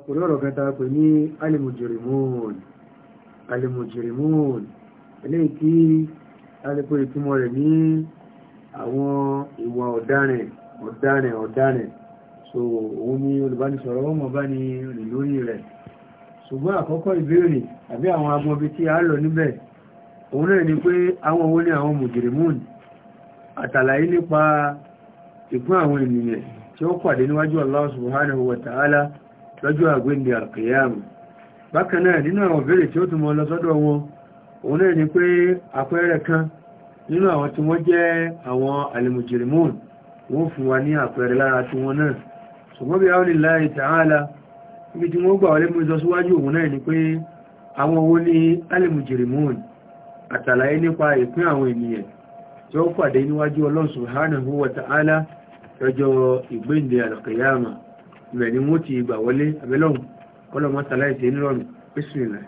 ọkùnrin ọ̀rọ̀ kan tàà pè ní alimujirimun alimujirimun eléyìí tí a lè pè ìtumọ̀ rẹ̀ ní àwọn ìwà ọ̀daràn ọ̀daràn ọ̀daràn so òun ni olùbánisọ̀rọ̀ wọn mọ̀ bá ní rìn lórí rẹ̀ ṣùgbọ́n àkọ́kọ́ ìbéèrè àbí àwọn agbọ́nbi tí a lọ níbẹ̀ òun náà ni pé àwọn owó ní àwọn mujirimun àtàlàyé nípa ìpín àwọn ènìyàn tí ó pàdé níwájú Allah subhanahu wa ta'ala lọ́jọ́ àgbéǹde alkiyama bákan náà nínú àwọn ìbéèrè tí ó tún mọ́ lọ sọ́dọ̀ wọn òun náà ni pé àpẹẹrẹ kan nínú àwọn tí wọ́n jẹ́ àwọn alimujirimun wọ́n fún wa ní àpẹẹrẹ lára tí wọ́n náà ṣùgbọ́n bí àwọn ìlàrí tààlà níbi tí wọ́n gbà wọlé mú ìsọsíwájú òun náà ni pé àwọn owó ní alimujirimun àtàlàyé nípa ìpín àwọn ènìyàn tí ó pàdé níwájú Ọlọ́run subhanahu wa ta'ala lọ́jọ́ ìgbéǹde alkiyama ibẹ̀ ni wọ́n ti gbà wọlé abẹ́lọ́hùn kọ́lọ́mọ́ tàláìsẹ̀ nírọ̀nù bísmìlá.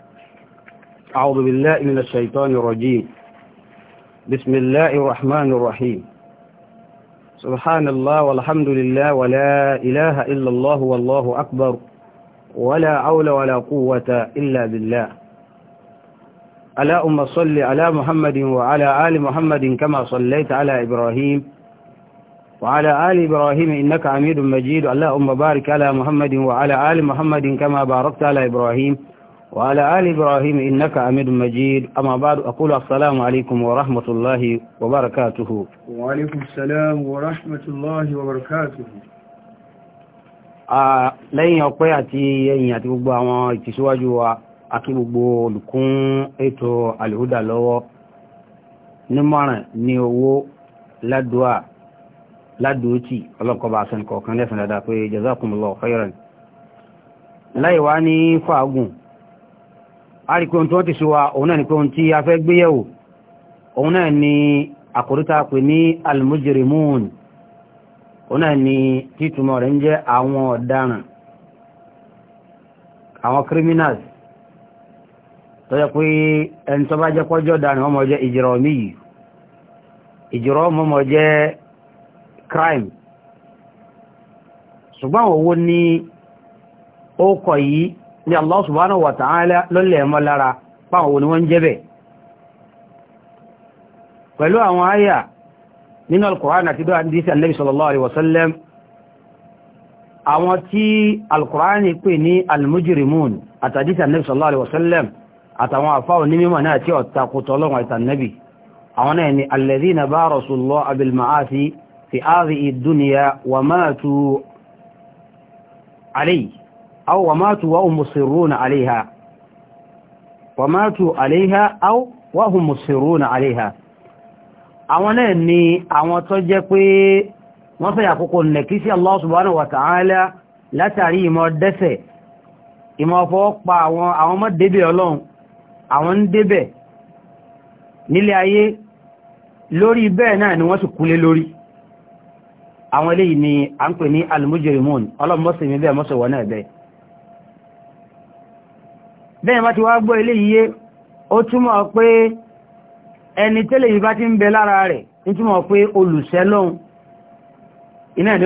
أعوذ بالله من الشيطان الرجيم بسم الله الرحمن الرحيم سبحان الله والحمد لله ولا إله إلا الله والله أكبر ولا عول ولا قوة إلا بالله ألا أم صل على محمد وعلى آل محمد كما صليت على إبراهيم وعلى آل إبراهيم إنك عميد مجيد اللهم بارك على محمد وعلى آل محمد كما باركت على إبراهيم وعلى آل إبراهيم إنك عميد مجيد أما بعد أقول السلام عليكم ورحمة الله وبركاته وعليكم السلام ورحمة الله وبركاته lẹ́yìn ọpẹ́ àti ẹ̀yìn àti gbogbo àwọn ìtìsíwájú wa àti gbogbo olùkún ètò ládòótì ọlọ́kọ̀ọ́bà àṣẹnìkọ̀ọ̀kan lẹ́sìn dáadáa pé jazakumullahu khairan láì wá ní fàágùn a rí pé ohun tí wọ́n ti ṣe wa òun náà ni pé ohun tí a fẹ́ gbéyẹ̀wò òun náà ni àkòrítà pè ní crime ṣùgbọ́n owó ní ó kọ̀ yìí ní Allah subhanahu wa ta'ala lọ́lẹ̀ ẹ̀mọ́ lára páwọn òní wọ́n jẹ́bẹ̀ pẹ̀lú àwọn àyà nínú al-Qur'an àti dọ́ àdísí Annabi sallallahu alaihi wasallam àwọn tí al-Qur'an pè ní al-mujrimun àtàdísí Annabi sallallahu alaihi wasallam àtàwọn àfáwọn ní mímọ̀ náà tí ọ̀takùtọ̀ ọlọ́run àti àwọn náà ni alladhina bá rasulullah abil في هذه الدنيا وماتوا عليه أو وماتوا وهم مصرون عليها وماتوا عليها أو وهم مصرون عليها àwọn náà ni àwọn tó jẹ́ pé wọ́n fẹ́ àkókò nẹ̀kí sí Allah subhanahu wa ta'ala látàrí ìmọ̀ dẹ́sẹ̀ ìmọ̀ ọ̀fọ́ pa àwọn àwọn ọmọ débẹ̀ ọlọ́run àwọn ń débẹ̀ nílé ayé lórí bẹ́ẹ̀ ni wọ́n sì kúlé lórí àwọn eléyìí ni a ń pè ní almujrimun ọlọ́mọ́sí mi bẹ́ẹ̀ mọ́sọ̀ wọ́n náà bẹ́ẹ̀ bẹ́ẹ̀ bá ti wá gbọ́ eléyìí ó túmọ̀ pé ẹni tẹ́lẹ̀ yìí bá ti ń bẹ lára rẹ̀ ń pé olùsẹ́lọ́hun iná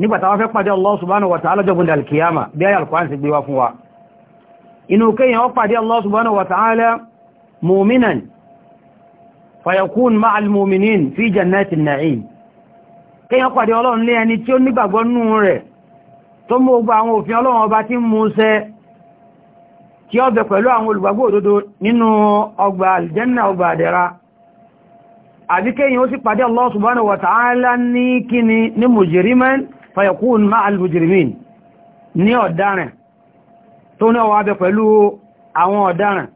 nígbàtà wọ́n fẹ́ pàdé Allah subhanahu wa ta'ala jọbùn alkiyama bí ayà alkwan sì gbé wá fún wa inú kíyàn ó pàdé Allah subhanahu wa ta'ala muminan fayakun ma'al muminin fi jannatin na'im kíyàn pàdé ọlọ́run lé ẹni tí ó nígbàgbọ́ nú rẹ̀ tó mú ogbà àwọn òfin ọlọ́run ọba tí mú sẹ tí ó bẹ pẹ̀lú àbíkẹ́yìn ó sì pàdé Allah subhanahu ní kíni ní mujriman fayakun ma'al mujrimin ní ọ̀daràn tó ní ọwọ́ abẹ pẹ̀lú àwọn ọ̀daràn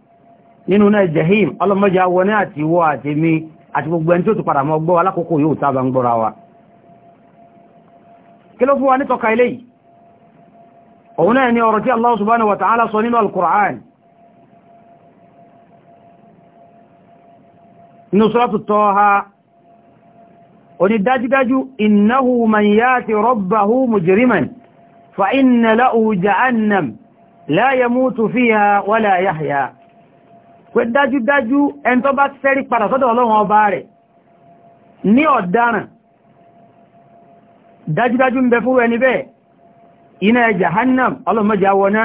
nínú náà jahim ọlọ́mọdé awọ ní àti ìwọ àti mi àti gbogbo ẹni tó ti padà mọ́ gbọ́ alákòókò yóò tábà ń gbọ́ra wa kí ló fún wa nítọ́ka ilé yìí òun náà ni ọ̀rọ̀ tí Allah subhanahu wa ta'ala sọ nínú al-Qur'an nínú suratu Taha oni dájúdájú innahu man yati rabbahu mujriman fa inna lahu jahannam la yamutu fiha wala yahya pé dájúdájú ẹn tó bá ṣẹ́rí padà sọ́dọ̀ Ọlọ́run ọba rẹ̀ ní ọ̀daràn dájúdájú ń bẹ fún ẹni bẹ́ẹ̀ iná jahannam Ọlọ́run má wọná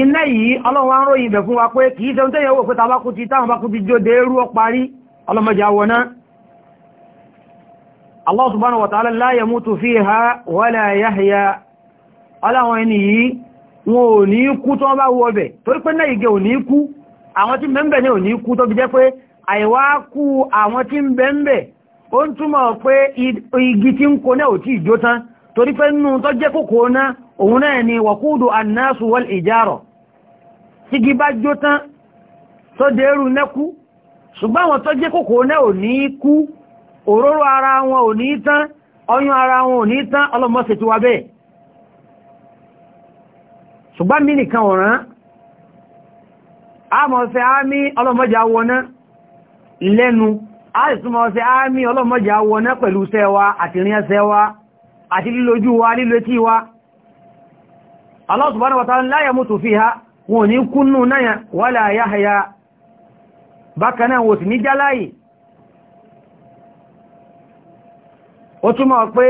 iná yìí Ọlọ́run wá ròyìn bẹ̀ fún wa pé kìí ṣe ń tẹ́yẹ̀wò pé ti táwọn bákú ti jó dé rú ọ parí Ọlọ́run wọná Allah subhanahu wa ta'ala la yamutu fiha wala yahya aláwọn ẹni yìí wọn ò ní kú tó bá wọ ọbẹ̀ torí pé náà ìgẹ̀ ò ní kú àwọn tí mẹ́m̀bẹ̀ ní ò ní kú tó bí jẹ́ pé àìwá kú àwọn tí mẹ́m̀bẹ̀ ó ń túmọ̀ pé igi tí ń kó náà ò tí ìjó tán torí pé nínú tó jẹ́ kòkó náà òun náà òróró ara wọn ò ní tán ọyún ara wọn ò ní tán ọlọ́mọ́sẹ̀ ti wá bẹ́ẹ̀ ṣùgbọ́n mí nìkan ọ̀ràn àmọ̀ọ̀sẹ̀ àmì ọlọ́mọ́jà wọná lẹ́nu àìsúnmọ̀ọ̀sẹ̀ àmì ọlọ́mọ́jà wọná pẹ̀lú sẹ́wa àti wa àti lílójú wa lílo etí wa Allah subhanahu la náà ya wọ́n sì ní jáláyìí ó túnmọ̀ pé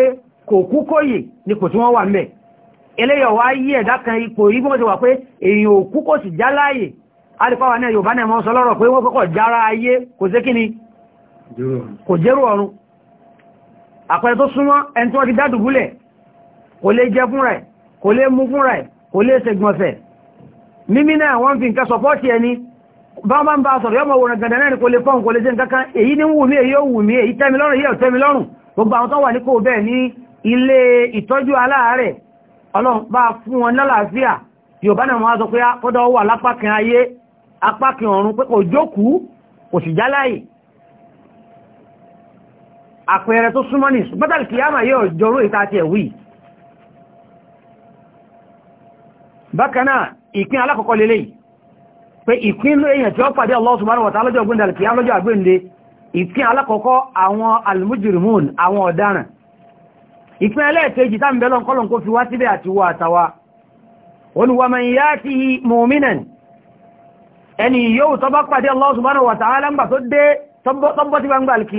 kò kú kóyè ni kò tí wọ́n wà mẹ́ eléyọ̀ wá yí ẹ̀dá kan ipò rí ti wà pé èyàn ò kú kò sì já láàyè alìpáwà náà Yorùbá náà mọ́ sọ lọ́rọ̀ pé wọ́n kọ́kọ́ jára ayé kò sé kí ni kò jérò ọ̀run àpẹẹrẹ tó súnmọ́ ẹni tí wọ́n ti dádùbúlẹ̀ kò lè jẹ fúnra ẹ̀ kò lè mú fúnra ẹ̀ kò lè mímí náà wọ́n fi nǹkan sọpọ́ọ̀tì ẹni bá wọ́n bá sọ̀rọ̀ yọ́mọ̀ wòrán kò lè pọ́n kò lè ṣe nǹkan kan èyí ní wù mí èyí ó wù mí èyí gbogbo àwọn tó wà ní kò bẹ́ẹ̀ ní ilé ìtọ́jú aláàárẹ̀ ọlọ́run bá fún wọn lálàáfíà yorùbá náà wọ́n sọ pé ah, kọ́dọ̀ wà lápákin ayé apákin ọ̀run pé kò jókòó kò sì jáláyì àpẹẹrẹ tó súnmọ́ ní pátàlì kìyàmà yóò jọrú ìta àti ẹ̀wì bákan náà ìpín alákọ̀ọ́kọ́ lélẹ́yìí ìpín alákọ̀ọ́kọ́ àwọn almujrimun àwọn ọ̀daràn ìpín ẹlẹ́ẹ̀kejì tàbíbẹ̀lọ́n kọ́lọ̀n kó fi wá síbẹ̀ àti wọ àtàwà olùwàmọ̀ ìyá ti mu'minan ẹni yóò tọ́bá pàdé Allah subhanahu wa ta'ala ńgbà tó dé tọ́bọ́ ti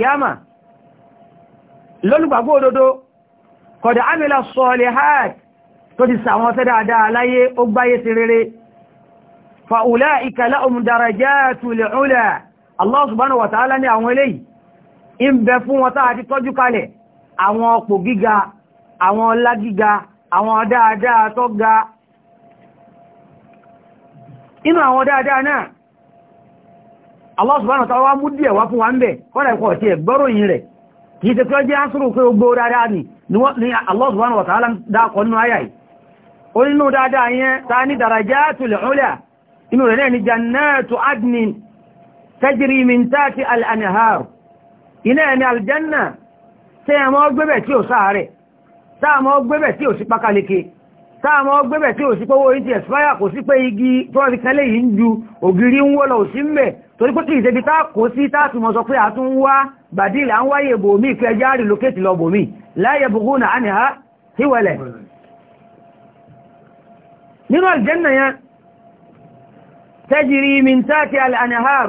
Allah subhanahu wa ta'ala ní àwọn eléyìí ń bẹ fún wọn táà ti tọ́jú kalẹ̀ àwọn ọ̀pọ̀ gíga àwọn ọlá gíga àwọn dáadáa tó ga inú àwọn dáadáa náà Allah subhanahu wa ta'ala wá mú díẹ̀ wá fún wa ń bẹ̀ kọ́lá ẹ̀kọ́ ti ẹ̀gbọ́ròyìn rẹ̀ kìí ṣe pé ọjọ́ ánsùrù pé ó gbó dáadáa ni Allah subhanahu wa ta'ala dákọ̀ tajiri min tati al'anihar iná ẹni aljanna tí a mọ́ gbẹ́bẹ̀ tí ó sáàrẹ̀ sáà mọ́ gbẹ́bẹ̀ tí ó sí pákàlẹ́kẹ sáà mọ́ gbẹ́bẹ̀ tí ó sí pọ́wọ́ orí ti ẹ̀sùfáyà kò sí pé igi tó rí kẹlẹ̀ yìí ń ju ògiri ń wọ́lọ̀ sí mẹ́ torí pé kí al'anihar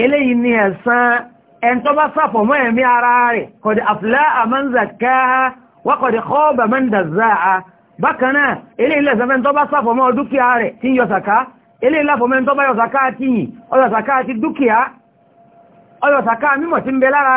eléyìí ni ẹ̀san ẹn tó bá sáfọ̀ mọ́ ẹ̀mí ara rẹ̀ kọ̀dì aflaha man zakkaha wa qad khaba man dazzaha bákanáà eléyìí lẹ́sẹ̀fẹ́ tó bá sáfọ̀ mọ́ dúkìá rẹ̀ tí yọ sàká eléyìí láfọ̀mẹ́ tó bá yọ sàká tí yìí ọyọ sàká ti dúkìá ọyọ sàká mímọ̀ tí ń bẹ lára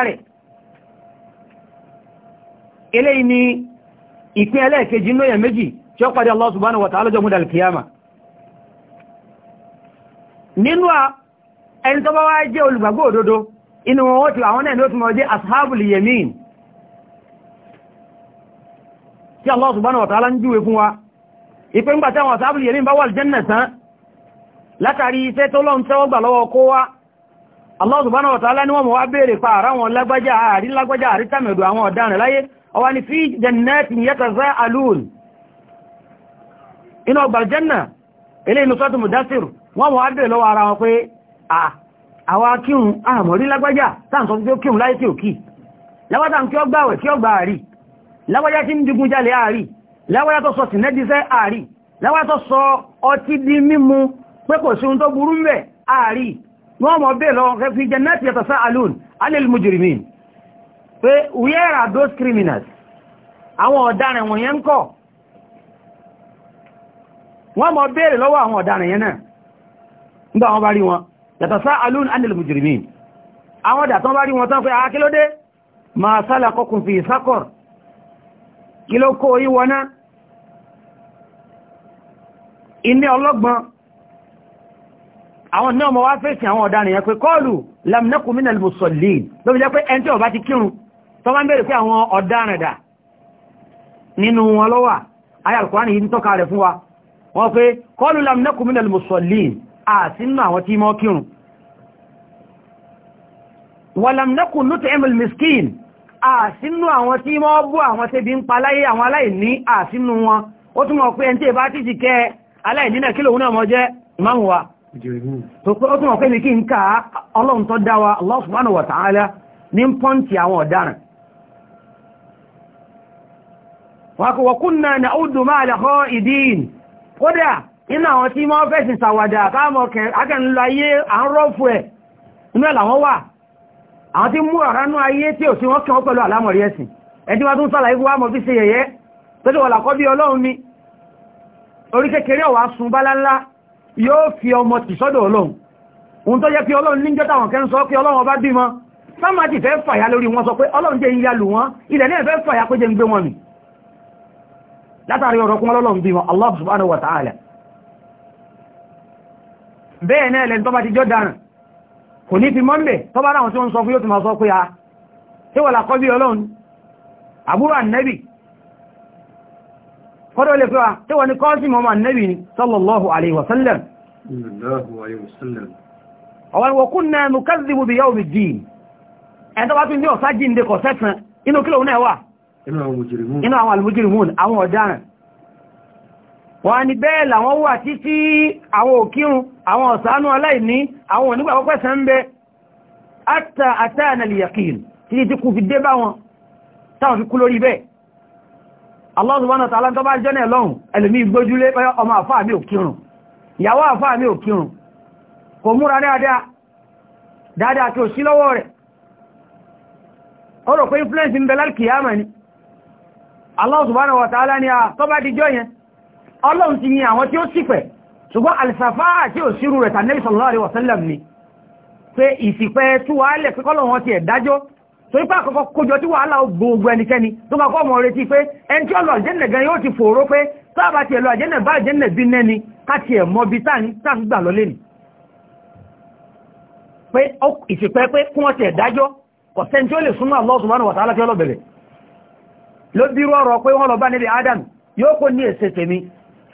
ẹni tó bá wá jẹ́ olùgbàgbọ́ òdodo inú wọn ó ti àwọn náà ló ti mọ̀ jẹ́ ashabul yamin tí Allah subhanahu wa ta'ala ń júwe fún wa ìpé ń gbàtí àwọn ashabul yamin bá wà aljanna tán látàrí iṣẹ́ tó lọ́n tẹ́wọ́ gbà lọ́wọ́ kó wá Allah subhanahu wa ta'ala ni wọ́n mọ̀ wá béèrè pa ara wọn lágbájá àrí lágbájá àrí tàmẹ̀dù àwọn ọ̀daràn láyé ọwá ni fi jannatin yataza'alun inú ọgbà aljanna ilé inú sọ́tù mudassir wọ́n mọ̀ wá béèrè lọ́wọ́ ara wọn pé àwa kírun àmọ̀rí lágbájá táàntọ́ tí ó kírun láyé tí ò kí lágbájá tí ó gbàwẹ̀ tí ó gbà àrí lágbájá tí ń digun jalè àrí lágbájá tó sọ tìnẹ́díṣẹ́ àrí lágbájá tó sọ ọtí di mímu pé kò sí ohun tó burú mẹ́ àrí wọ́n mọ̀ bẹ́ẹ̀ lọ fi where are those criminals àwọn ọ̀daràn wọ̀nyẹn ń kọ́ wọ́n mọ̀ bẹ́ẹ̀ lọ́wọ́ àwọn ọ̀daràn yẹn náà nígbà wọn bá rí wọn yatasaalun anil mujrimin àwọn dàtán bá rí wọn tán pé a ah, kí ló dé ma salakakum fi sakor kí ló kó yí wọná iné ọlọ́gbọ́n àwọn náà mọ̀ wá fèsì àwọn ọ̀daràn yẹn pé kọlù lam naku minal musallin ló fi jẹ́ pé ẹni tí ó bá ti kírun tó bá ń bèèrè pé àwọn àti nínú àwọn tí mọ́ kírun wàlàmnákùn ló tẹ́ emil miskin àsínú àwọn tí mọ́ bú àwọn tẹ́bí ń pa láyé àwọn aláìní àsínú wọn ó tún mọ̀ pé ẹn tí ìbá títì kẹ́ aláìní náà kílò náà mọ́ jẹ́ máa lẹ́kọ́ ìdíyìn nínú àwọn tí mọ́ fẹ́sìn sàwàdà káàmọ̀ akẹ́nlọ ayé à ń rọ́fù ẹ̀ inú ẹ̀ làwọn wà àwọn tí mú ọ̀ránú ayé tí ò sí wọ́n kẹwọ́ pẹ̀lú àlámọ̀rí ẹ̀sìn ẹni wọ́n tún sàlàyé wá mọ̀ fi ṣe yẹ̀yẹ́ pẹ́lú wà làkọ́ bí ọlọ́run ni orí kékeré ọ̀wà sun bálálá yóò fi ọmọ tì sọ́dọ̀ ọlọ́run ohun tó jẹ́ ti fẹ́ fàyà ọlọ́run látàrí ọ̀rọ̀kún ọlọ́run bímọ Allah subhanahu wa ta'ala bẹ́ẹ̀ náà lẹ́ni tó bá ti jọ dáràn kò ní fi mọ́lẹ̀ tó bá ráwọn tí wọ́n sọ fún yóò ti máa sọ pé a ah, tí wọ́n làkọ́ bí ọlọ́run àbúrò ànẹ́bì kọ́dọ̀ lè fẹ́ wa tí wọ́n ni kọ́ sí mọ́mọ́ ànẹ́bì ni sallallahu alaihi wasallam ọwọ́n wọ́n kún náà mú kẹ́sìdìbò bí yọ́ bìdì ẹni tó bá tún ní ọ̀sá jíǹde kọ̀ sẹ́sàn inú kílò náà wọ́n ni bẹ́ẹ̀ làwọn wà títí àwọn òkírun àwọn ọ̀sánú aláìní àwọn onígbà pẹ́sẹ̀ ń bẹ àtà àtààna lìyàkìl títí tí kú fi dé bá wọn táwọn fi kú lórí bẹ́ẹ̀ Allah subhanahu wa ta'ala tó bá jọ́nà lọ́hùn ẹlòmí gbójúlé ọmọ àfáà mi òkírun ìyàwó àfáà mi òkírun kò múra dáadáa dáadáa kí o sí lọ́wọ́ ni a tó bá yẹn ọlọ́run ti ní àwọn tí ó sípẹ̀ ṣùgbọ́n alìsàfá àti òṣìrù rẹ̀ tàbí sallallahu ni pé ìsìpẹ́ tú wàálẹ̀ pé kọ́lọ̀ wọn ti ẹ̀dájọ́ tó ipá àkọ́kọ́ kójọ tí wàhálà gbogbo ẹnikẹ́ni tó bá kọ́ mọ̀ retí pé ẹni tí ọlọ́ àjẹ́nẹ̀ gan yóò ti fòró pé sáàbà ti ẹ̀lọ àjẹ́nẹ̀ bá àjẹ́nẹ̀ bí nẹ́ni káti ẹ̀ mọ́ bí táàgbà lọ lẹ́ni ó lè súnmọ́ Allah subhanahu wa ta'ala tí ọlọ́bẹ̀rẹ̀ ló bí rọrọ pé wọ́n lọ bá nílé Adam yóò kó ní èsè tèmi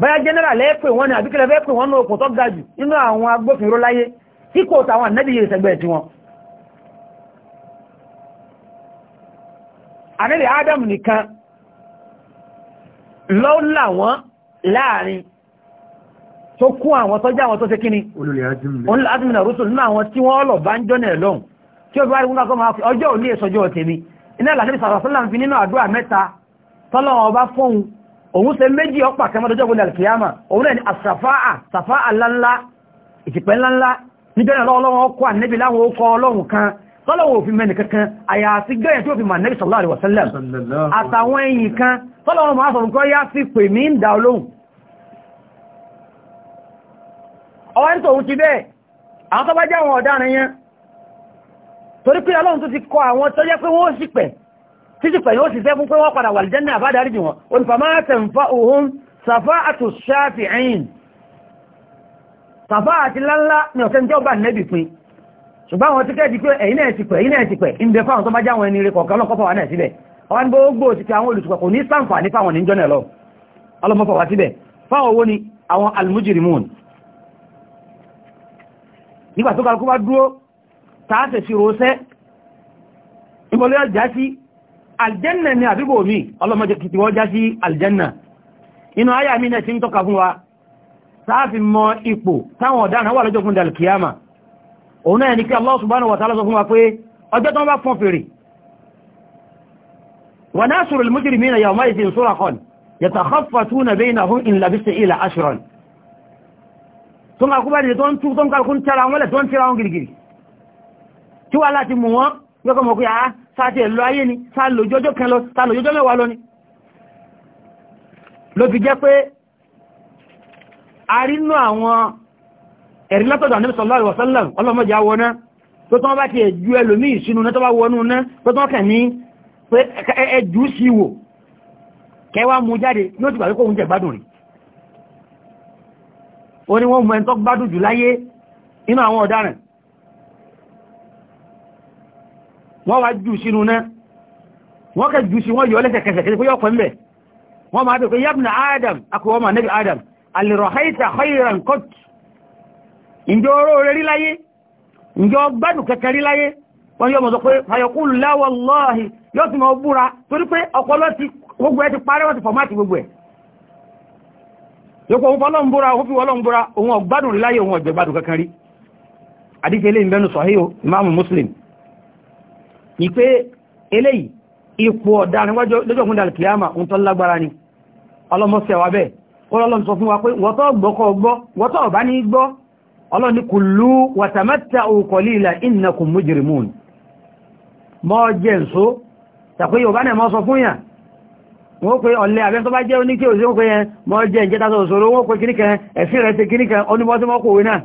bóyá general ẹ pè wọ́n ni àbíkẹ́lẹ̀ fẹ́ pè wọ́n ní okùn tó ga jù nínú àwọn agbófinró láyé tí kò tàwọn ànẹ́bí yìí sẹgbẹ́ tí wọn ànẹ́bí Adam nìkan ló là wọ́n láàrin tó kún àwọn tó já àwọn tó ṣe kíni olùlẹ̀ adìmìnà rúsùn nínú àwọn tí wọ́n lọ bá ń jọ́nà ẹ̀ lọ́hùn tí ó bá rí wúnakọ́ máa fi ọjọ́ òní èsọjọ́ tèmi iná ìlànà ìsàrọ̀sọ́lá fi nínú àdúrà mẹ́ta tọ́lọ́wọ́n ọba fóun òun ṣe méjì ọ̀pá kẹmọ́dọ́jọ́ gbọ́dọ̀ alkiyama òun ẹni àṣàfáà sàfáà ńláńlá ìtìpẹ́ ńláńlá níbẹ̀ ọlọ́run ọkọ̀ ànẹ́bì láwọn ọkọ̀ ọlọ́run kan tọ́lọ̀wọ̀ òfin mẹ́ni kankan àyàfi gẹ́yẹ̀ tí ó fi mànẹ́bì sallallahu alaihi wasallam àtàwọn ẹ̀yìn kan tọ́lọ̀run máa sọ̀rọ̀ kọ́ yá sí pè mí ń dá olóhùn ọwọ́ ní tòun ti bẹ́ẹ̀ àwọn tó bá jẹ́ títí pẹ̀lú ó sì fẹ́ fún pé wọ́n padà wàlìjẹ́ ní àfádàrí jù wọn onífàmáàtẹ̀ ń fa òun sàfá àtò ṣáàfihìn sàfá àti láńlá ní ọ̀sẹ̀ ń jọba nẹ́bì pin ṣùgbọ́n àwọn tíkẹ́ di pé ẹ̀yìn náà ti pẹ̀ ẹ̀yìn náà ti pẹ̀ ń bẹ fáwọn tó bá jáwọn ẹni rẹ kọ̀ọ̀kan lọ́kọ́fà wà náà síbẹ̀ àwọn sí aljanna ni àbíbò mi ọlọ́mọdé kìtì wọ́n já sí aljanna inú ayà mi náà ti ń tọ́ka fún wa sáàfi mọ ipò táwọn ọ̀daràn wà lọ́jọ́ fún dalkiyama òun náà ni kí Allah subhanahu wa ta'ala sọ fún wa pé ọjọ́ tó bá fọ́n fèrè wa nasiru al-mujrimina yawma'idhin suraqan yatakhafatuna baynahum in labista ila ashran tó bá dìde tó sáàtì ẹ̀lọ ayé ni sáàlòjọ́jọ́ kan lọ sáàlòjọ́jọ́ mẹ́wàá lọ ni ló fi jẹ́ pé a rí nú àwọn ẹ̀rí látọ̀dọ̀ Ànábì sallallahu alaihi wasallam ọlọ́mọdé awọná tó tán bá ti ẹ̀jú ẹlòmí ìsinú náà tó bá wọnú náà tó tán kẹ̀ ní pé ẹjú sí wò kẹwàá wọ́n wá jù sínú náà wọ́n kẹ jù sí wọ́n yọ lẹ́sẹ̀kẹsẹ̀ pé yọ́kọ̀ ń bẹ̀ wọ́n máa bẹ̀ pé yabna adam akọwọ́ ma nabi adam alìrọ̀haita khairan kot ǹjẹ́ oró rẹ̀ rí láyé ǹjẹ́ ọgbádùn kẹkẹ rí láyé wọ́n yọ mọ̀sọ pé fayọkúlù láwọlọ́hì yóò ti mọ̀ búra torí pé ọpọlọ ti gbogbo ẹ ti parẹ́ wọ́n ti fọ̀máàtì gbogbo ẹ̀ yóò fọ́ lọ́n ni pé eléyìí ipò ọ̀daràn lọ́jọ́ fún dalkiyama ni ọlọ́mọsẹ̀ wa bẹ́ẹ̀ ọlọ́lọ́m sọ fún wa pé wọ́tọ́ gbọ́kọ́ gbọ́ wọ́tọ́ ọ̀bá ní gbọ́ ọlọ́ni wọ́n o ọ̀lẹ́ abẹ́ bá jẹ́ oníkẹ́ òsì wọ́n yẹn mọ́ jẹ́ ìjẹ́ta wọ́n ẹ̀fí rẹ̀ ti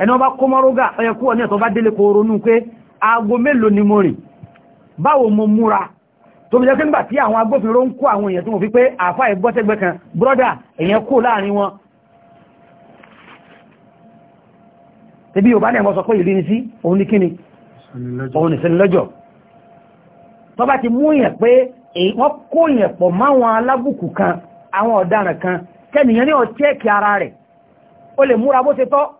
ẹni ọba kó mọ́rógà ọyẹ kúwọ ní ẹ̀tọ́ bá délé kó ronú pé aago mélòó ni mo rìn báwo mo múra tó bí jẹ́ pé nígbà tí àwọn agbófinró ń kó àwọn èèyàn tó mọ̀ fi pé àfá ìgbọ́tẹ́gbẹ́ kan brọ́dà èèyàn kó láàrin wọn tẹbí yóò bá náà mọ́ sọ pé ìlú ní sí òun ní kíni òun ìsinilẹ́jọ̀ tó bá ti mú èèyàn pé wọ́n kó èèyàn pọ̀ máwọn alábùkù kan àwọn ọ̀daràn kan kẹ́nìyàn ní ọ̀chẹ́ẹ̀kì ara rẹ̀ ó lè múra bó ṣe tọ́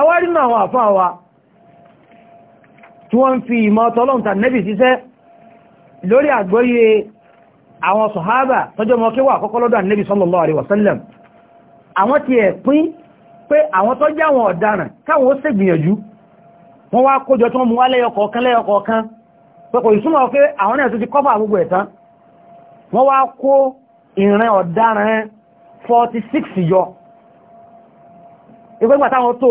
awárí náà àwọn àfáà wa tí wọ́n ń fi ìmọ̀ ọ̀tọ́lọ́hun tà nẹ́bì síṣẹ́ lórí àgbóyé àwọn sọ̀hábà tọ́jọ́ mọ́ kí wà àkọ́kọ́ lọ́dọ̀ nẹ́bì sallallahu alaihi wasallam àwọn ti ẹ̀ pín pé àwọn tó jẹ́ àwọn ọ̀daràn káwọn ó sì gbìyànjú wọ́n wá kójọ tó mú wá lẹ́yọkọ̀ọ̀kan lẹ́yọkọ̀ọ̀kan pé kò ìsúnmọ̀ pé àwọn náà tó ti kọ́fà gbogbo ẹ̀tán wọ́n wá kó ìran ọ̀daràn 46 yọ ìgbẹ́gbà táwọn tó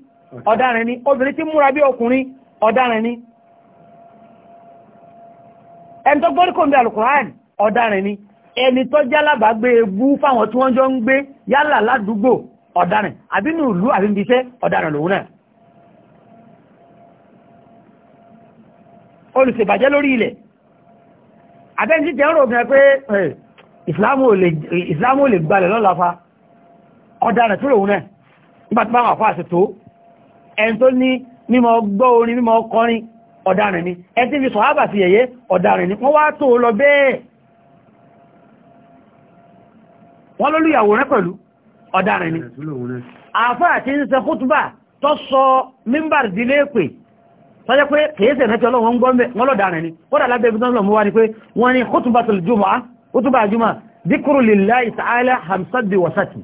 ọ̀daràn ni obìnrin tí múra bí ọkùnrin ọ̀daràn ni ẹni tó gbọ́ríkò ní alukuran ọ̀daràn ni ẹni tó jálàbà gbé ebú fáwọn tí wọ́n jọ ń gbé yálà ládùúgbò ọ̀daràn àbínú ìlú àbíbiṣẹ́ ọ̀daràn lòun náà olùṣèbàjẹ́ lórí ilẹ̀ àbẹ́ntí jẹ́ rò mẹ́ pé ìsìlámù ò lè gbalẹ̀ lọ́la fa ọ̀daràn tó lòun náà nígbàtí báwọn àfáà ṣètò ẹni tó ní mímọ̀ gbọ́ orin mímọ̀ kọrin ọ̀daràn ni ẹni tí fi sọ̀hábà sí yẹ̀yẹ́ ọ̀daràn ni wọ́n wá tó lọ bẹ́ẹ̀ wọ́n lólú ìyàwó rẹ̀ pẹ̀lú ọ̀daràn ni àfáà tí ń ṣe kútùbà tó sọ mímbàr dílé pè tọ́jẹ́ pé kèése ẹ̀nà tí ọlọ́run gbọ́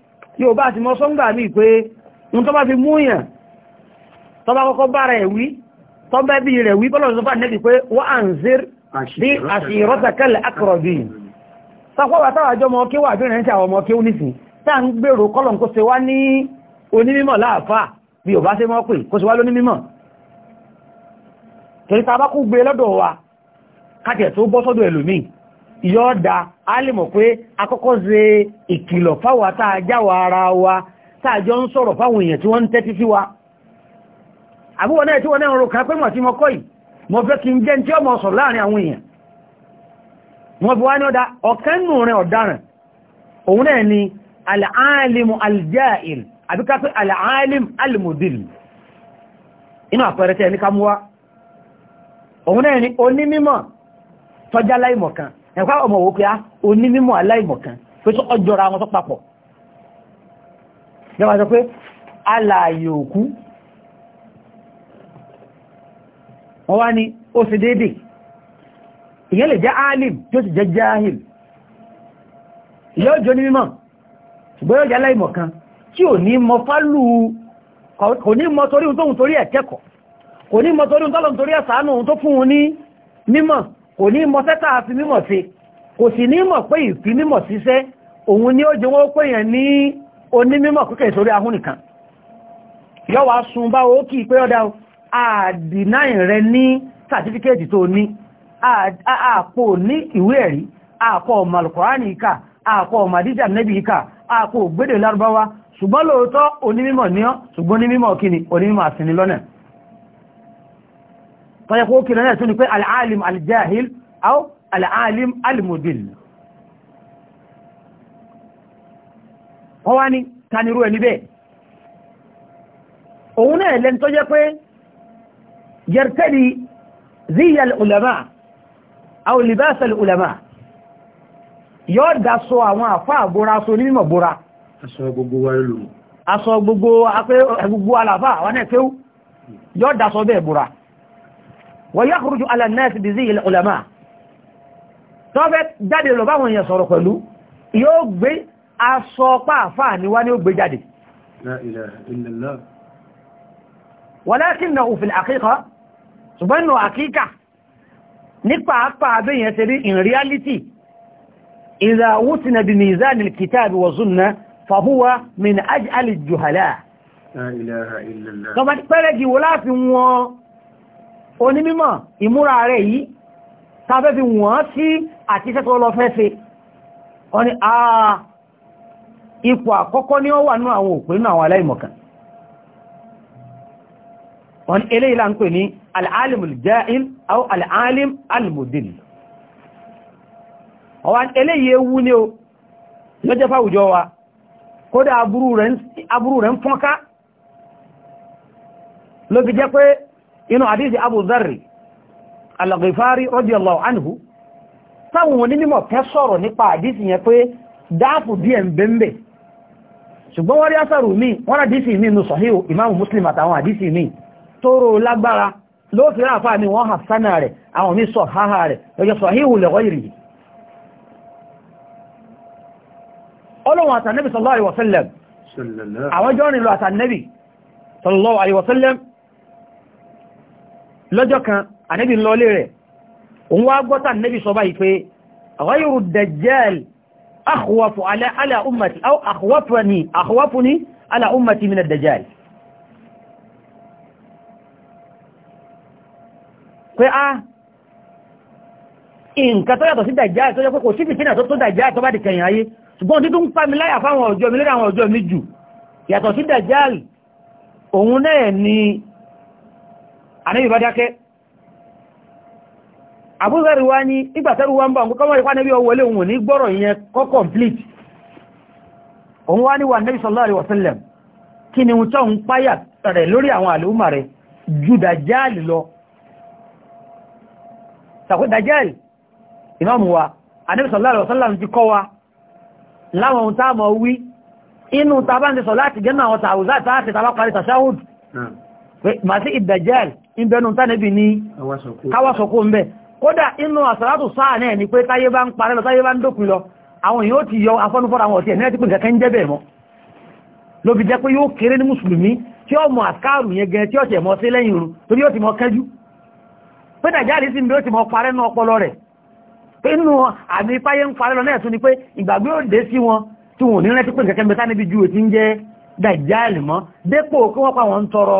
tí ó bá ti mọ́ sọ́ngbà ní pé ohun tó bá fi múyàn tó bá kọ́kọ́ bá rẹ̀ wí tó bá bí rẹ̀ wí pọ́lọ̀ tó bá nẹ́bí pé wọ́n à ń zír bí àṣírọ́tàkẹ́lẹ̀ akọ̀rọ̀bí sáfọ́wà táwàjọ́ mọ́ kí wà bírin tí àwọn yọ́ da alìmọ̀ pé akọ́kọ́ ṣe ìkìlọ̀ fáwà táa ara wa táa jọ ń sọ̀rọ̀ fáwọn èèyàn tí wọ́n ń tẹ́tí sí wa àbúwọ̀ náà tí wọ́n náà rọ̀kà pé mọ̀ tí mọ́ kọ́ yìí mọ́ fẹ́ kí n jẹ́ tí ọmọ sọ̀rọ̀ láàrin àwọn èèyàn wọ́n fi wá ní ọ̀dá ni al'alimu alja'il àbí ká pé ẹ̀kọ́ ọmọ òwò pé á oní mímọ̀ aláìmọ̀kan pé tó ọjọ́ra wọn tó papọ̀ jọba sọ pé alààyè òkú wọ́n wá ní ó sì dédé ìyẹn lè jẹ́ alim tí ó sì jẹ́ jahil yóò jọ ní mímọ̀ ṣùgbọ́n yóò jẹ́ aláìmọ̀kan tí ò ní mọ fálù kò ní mọ torí ohun tóhun torí ẹ̀kẹ́kọ̀ọ́ kò ní kò ní mọ sẹ́ta àfi mímọ̀ sí kò sì ní mọ̀ pé ìfi mímọ̀ síṣẹ́ òun ni ó jẹ wọ́n pé yẹn ní onímímọ̀ kíkẹ́ ìsorí ahún nìkan yọ́wà sun bá ó kí pé ọ́dá àdínáì rẹ ní sàtífíkẹ́ẹ̀tì tó ní àpò ní ìwé ẹ̀rí àpò malkùránì ìkà àpò màdíjà nẹ́bì ìkà àpò gbédè lárúbáwá ṣùgbọ́n lóòótọ́ onímímọ̀ ní ọ́ ṣùgbọ́n onímímọ̀ kíni onímímọ̀ àsìnilọ́nà tọ́jẹ́ kó kí lọ́nà ìtúni pé al'alim aljahil au al'alim almudil wọ́n wá ní tanirú ẹni bẹ́ẹ̀ òun náà lẹ́n tọ́jẹ́ pé yẹrtẹ́lì zíyà al'ulama au libasa al'ulama yóò dá so àwọn àfáà bóra so ní mímọ̀ bóra aṣọ gbogbo wa lò aṣọ gbogbo ويخرج على الناس بذي العلماء tọ́bẹ̀ jáde lọ báwọn èèyàn sọ̀rọ̀ pẹ̀lú yóò gbé asọ́pá àfáà ni wá ní ó gbé jáde ولكنه في الحقيقة ṣùgbọ́n nù àkíkà nípa àpá àbẹ́yàn tẹ́rí إذا وتن بميزان الكتاب والسنة فهو من أجعل الجهلاء لا إله إلا الله onímímọ̀ ìmúra rẹ̀ yìí tàbẹ́ fi wọ́n sí àti iṣẹ́ tó lọ fẹ́ ṣe wọ́n ni àà ipò àkọ́kọ́ ní ó wà ní àwọn òpin ní àwọn aláìmọ̀kan wọ́n ni eléyìí là ń pè ní al'alim al-ja'il aw al'alim al-mudil wọ́n eléyìí ewu ni ó lọ́jẹ́ fáwùjọ wa kódà fi jẹ́ pé inú àdíjì Abu Dharri al-Ghifari radiyallahu anhu táwọn onímọ̀ tẹ́ sọ̀rọ̀ nípa àdíjì yẹn pé dáàpù díẹ̀ ń bẹ́m̀bẹ̀ ṣùgbọ́n wọ́n rí ásàrù mí wọ́n rá àdíjì mí nù Sahih Imam Muslim àtàwọn àdíjì mí tóró lágbára ló fi rá àfáà mi wọ́n hà sánà rẹ̀ àwọn mi sọ àwọn jọ́rin lọ àtànẹ́bì sallallahu alaihi wasallam lọ́jọ́ kan ànẹ́bì lọlé rẹ̀ òun wá gbọ́ta ànẹ́bì sọ báyìí pé ghayru dajjal akhwafu ala ummati aw akhwafani akhwafuni ala ummati min ad-dajjal pé a ah, nǹkan tó yàtọ̀ sí dajjal tó yẹ pé kò sí fìtínà tó tó dajjal tó bá di kẹyìn ayé ṣùgbọ́n títún ń pàmì láyà ni ànábì bá dákẹ́ àbúzẹ̀rì wá ní ìgbàtẹ́rù wá ń bá ọkọ̀ wọ́n ìpánẹ́bí ọwọ́lé òun ní gbọ́rọ̀ ìyẹn kọ́ complete òun wá ní wà nẹ́bí sallallahu alaihi wasallam kí ni wùtọ́ ń páyà rẹ̀ lórí àwọn àlúmà rẹ̀ ju dàjáàlì lọ sàkó sallallahu wasallam ti kọ́ wa láwọn ohun táàmọ̀ wí inú tàbá ń ti sọ láti màsí ìdàjẹ́l ìbẹnu tánẹ́bì ní káwàsọ̀kó ń bẹ̀ kódà inú àsàlátù sáà náà ni pé táyé bá ń parẹ́ lọ táyé bá ń dókun lọ àwọn yóò ti yọ afọ́nufọ́ra àwọn ọ̀tí ẹ̀ náà ti pín kẹ́kẹ́ ń jẹ́ bẹ̀ mọ́ ló fi jẹ́ pé yóò kéré ní mùsùlùmí tí ó mọ àkárù yẹn gẹn tí ó tẹ̀ mọ́ sí lẹ́yìn ti mọ kẹ́jú ni ó ti mọ parẹ́ náà ọpọlọ rẹ̀ pé inú àmì ipáyé ń tí wọn ní rántí pé kẹ́kẹ́ mẹ́ta níbi ju ètí ń jẹ́ dàjáàlì mọ́ dépò kí wọ́n pa wọn tọrọ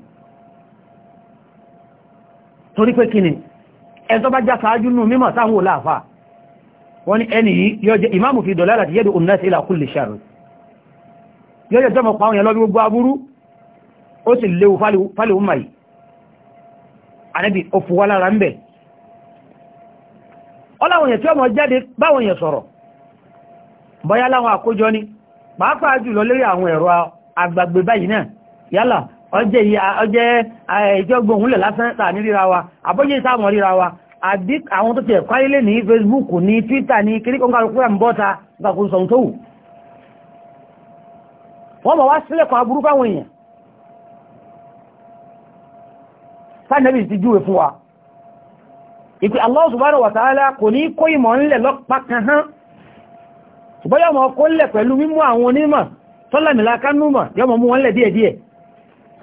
torí pé kíni ẹn tó bá já sáájú nù mímọ̀ sáhùn oláàfà wọ́n ni ẹni yóò jẹ́ ìmáàmù fi dọ̀lá láti yẹ́dù òmìnà sí ilà kulli sharr yóò jẹ́ jọmọ̀ pàwọn yẹn lọ́bí gbogbo aburú ó sì léwu fálẹ̀ umar yìí anẹ́bí ó fuwá lára ń bẹ̀ ọláwọn yẹn tí ọmọ jáde ọjẹ́ ọjẹ́ ìjọgbọ̀n òun lẹ̀ lásán tà ní ríra wa àbọ́jẹ́ ìsáàmọ̀ ríra wa àbí àwọn tó ti ẹ̀kọ́ ní Facebook ní Twitter ní kiri ta ń bọ́ta gbàkùn sọ̀n tó wù wọ́n bọ̀ wá sílẹ̀kọ̀ aburúkú àwọn èèyàn sáàdẹ̀bì ti júwe fún Allah subhanahu wa ta'ala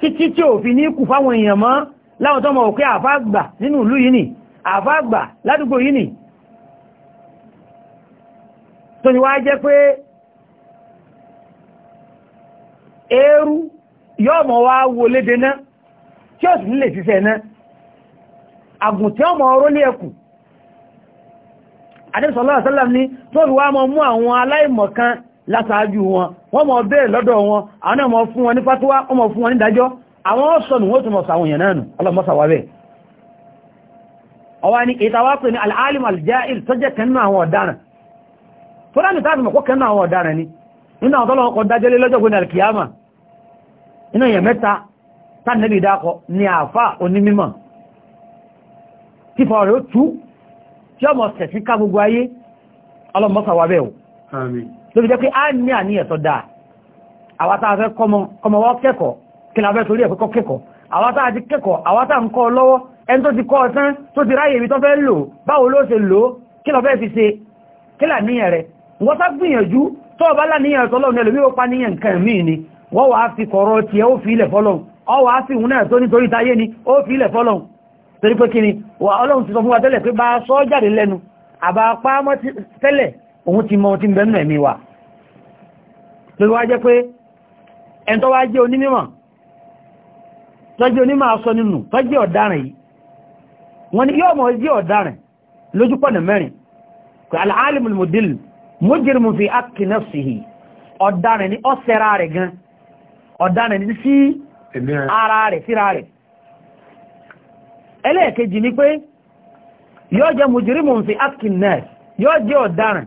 títí tí ò fi ní kù fáwọn èèyàn mọ́ láwọn tó mọ̀ òkè àfáàgbà nínú ìlú yìí nì àfáàgbà ládùúgbò yìí nì tó ni wá jẹ́ pé eérú yóò mọ̀ wá wọlé dena tí ó sì nílè ṣiṣẹ́ náà àgùntí ọmọ oró ní ẹkù adébísọ̀lọ́wọ́ sálàm ní tó rí wá mọ́ mú àwọn aláìmọ̀kan lásáájú wọn wọ́n mọ̀ bẹ́ẹ̀ lọ́dọ̀ wọn àwọn ọmọ fún wọn ní fatuwa ọmọ fún wọn ní dájọ́ àwọn ọ̀sọ̀nù wọ́n tún mọ̀ sàwọn èèyàn náà nù ọlọ́mọ́sàwábẹ̀ ọwá ni ìtawápè ní al'alim al'ja'il tó jẹ́ kẹ́nà àwọn ọ̀daràn tó dá ní tàbí mọ̀kọ́ kẹ́nà àwọn ọ̀daràn ni nínú àwọn tọ́lọ́kọ́ dájọ́ lé lọ́jọ́ gbónà alkiyama iná yẹ mẹ́ta tánàbí dákọ ni àfá onímímọ̀ tí fọ́ rẹ̀ ó tú tí ọmọ sẹ̀sí ká gbogbo ayé ọlọ́mọ́sàwábẹ̀ ò Amin ló fi jẹ́ pé a ní àníyàn tó dáa àwátá fẹ́ kọmọ wá kẹ́kọ̀ọ́ kí la fẹ́ torí ẹ̀kọ́ kẹ́kọ̀ọ́ àwátá àti kẹ́kọ̀ọ́ àwátá ń kọ́ lọ́wọ́ ẹni tó ti kọ́ ọ̀tán tó ti ráyè ibi tó fẹ́ lò báwo ló ṣe lò kí lọ fẹ́ fi ṣe kí là níyàn rẹ̀ wọ́n sá gbìyànjú tó ni wọ́n wàá fi kọ̀rọ̀ tiẹ̀ ó fi ilẹ̀ fọ́lọ́n ọ wàá fi ìhun náà tó nítorí táyé ni ó fi ilẹ̀ fọ́lọ́n torí pé kí ni Ọlọ́run ti sọ fún wa tẹ́lẹ̀ pé bá sọ́ jáde lẹ́nu àbá pa mọ́ tẹ́lẹ̀ òun ti mọ́ ti bẹ̀rún ẹ̀mí wa lórí wá jẹ́ pé ẹn tó wá jẹ́ onímọ̀ tọ́jẹ́ onímọ̀ asọ nínú tọ́jẹ́ ọ̀daràn yìí wọ́n ni yóò mọ̀ jẹ́ ọ̀daràn lójúpọ̀nà mẹ́rin pé al'alimul mudil mujrimun fi haqqi nafsihi ọ̀daràn ni ó sẹ́ra rẹ̀ gan ọ̀daràn mujrimun fi haqqi nafsihi yóò jẹ́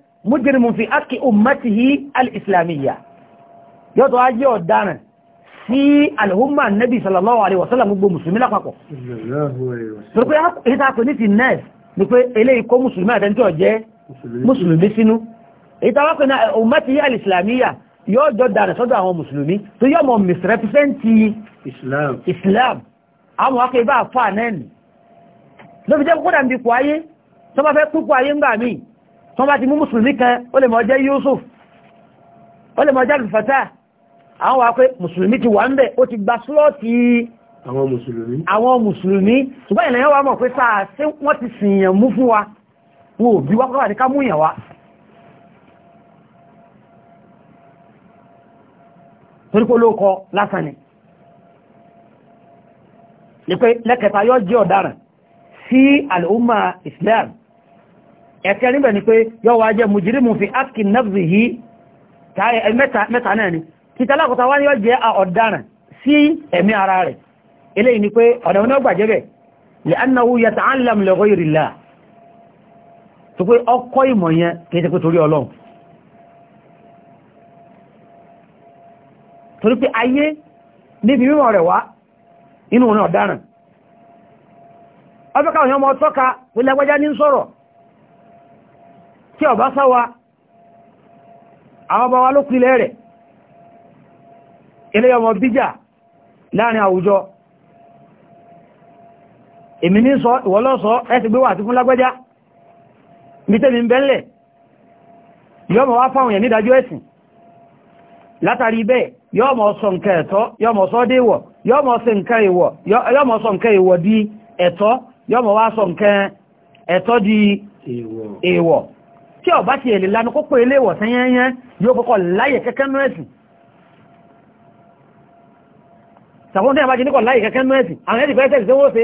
mujrimun fi haqqi ummatihi al-islamiyya yóò tó ajé ọ̀daràn sí alhumma nabi sallallahu alaihi wasallam gbogbo musulmi lápapọ̀. tó pé ìta kò ní ti nẹ́ẹ̀sì ni pé eléyìí kó musulmi àtẹ́ntọ́ jẹ́ musulmi sínú ìta wákò ní ummatihi al-islamiyya yóò jọ daràn sọ́dọ̀ àwọn musulmi tó yọ mọ̀ misrepresenti islam àwọn wákò ibá fà náà ni ló fi jẹ́ kókó dàbí kò ayé tó bá fẹ́ kúkú ayé ń gbà míì tó bá ti mú mùsùlùmí kan ó lè mọ̀ jẹ́ Yusuf ó lè mọ̀ jẹ́ alifata àwọn wà pé mùsùlùmí ti wà ń bẹ̀ ó ti gba slọ́ọ̀tì àwọn mùsùlùmí àwọn mùsùlùmí ṣùgbọ́n ìlànà wà mọ̀ pé sáà sí wọ́n ti sìnyàn mú fún wa wọn ò bí wá pàpàdé ká múyàn wá torípò lásán Islam ẹ̀kẹ́ níbẹ̀ ni pé yọ́ wá jẹ́ mùjírímù fi ákì nafzi yìí mẹ́ta náà ni títà lákòta wá ní yọ́ jẹ́ ọ̀daràn sí ẹ̀mí ara rẹ̀ eléyìí ni pé ọ̀nà wọn gbà jẹ́bẹ̀ lè annahu yata'allam li ghayri llah tó pé ọkọ́ ìmọ̀ yẹn kìí ṣe pé torí ọlọ́run torí pé tí ọba sáwa àwọn ọba wa ló pilẹ̀ rẹ̀ ilé ọmọ bíjà láàrin àwùjọ èmi ní sọ ìwọlọ́sọ ẹ́sì gbé wà tí fún lágbẹ́já mítẹ́mi ń bẹ́ńlẹ̀ yọ́mọ̀ wá fáwọn yẹn ẹ̀sìn látàrí bẹ́ẹ̀ sọ ẹ̀tọ́ sọ dé ìwọ̀ sọ ìwọ̀ di ẹ̀tọ́ wá sọ nǹkan ẹ̀tọ́ di tí ọ̀bá ti ẹ̀lẹ̀ lánú kó pé ilé ìwọ̀sán yẹnyẹn yóò kọ́kọ́ láyè kẹ́kẹ́ mẹ́ẹ̀sì sàwọn tí a bá jí níkọ̀ láyè kẹ́kẹ́ mẹ́ẹ̀sì àwọn ẹ̀dì fẹ́ẹ̀sì tí wọ́n ṣe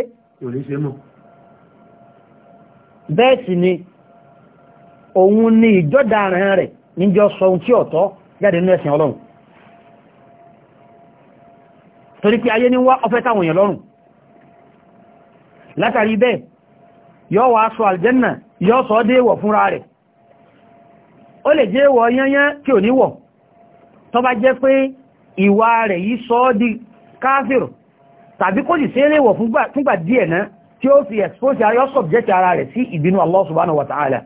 bẹ́ẹ̀ sì ni òun ni ìjọ́daràn rẹ̀ níjọ sọ ohun tí ọ̀tọ̀ jáde nínú ẹ̀sìn ọlọ́run torí pé ayé ní wá ọfẹ́ táwọn èèyàn lọ́rùn látàrí bẹ́ẹ̀ yọ́ wàá sọ àlìjẹ́nà yọ́ sọ déèwọ̀ fúnra rẹ̀ ó lè jẹ́ wọ yányán kí ò níwọ̀ tó bá jẹ́ pé ìwà rẹ̀ yìí sọ di káfírù tàbí kó sì sẹ́lẹ̀ wọ̀ fúngbà díẹ̀ náà tí ó fi expose ara yóò subject ara rẹ̀ sí ìbínú Allah subhanahu wa ta'ala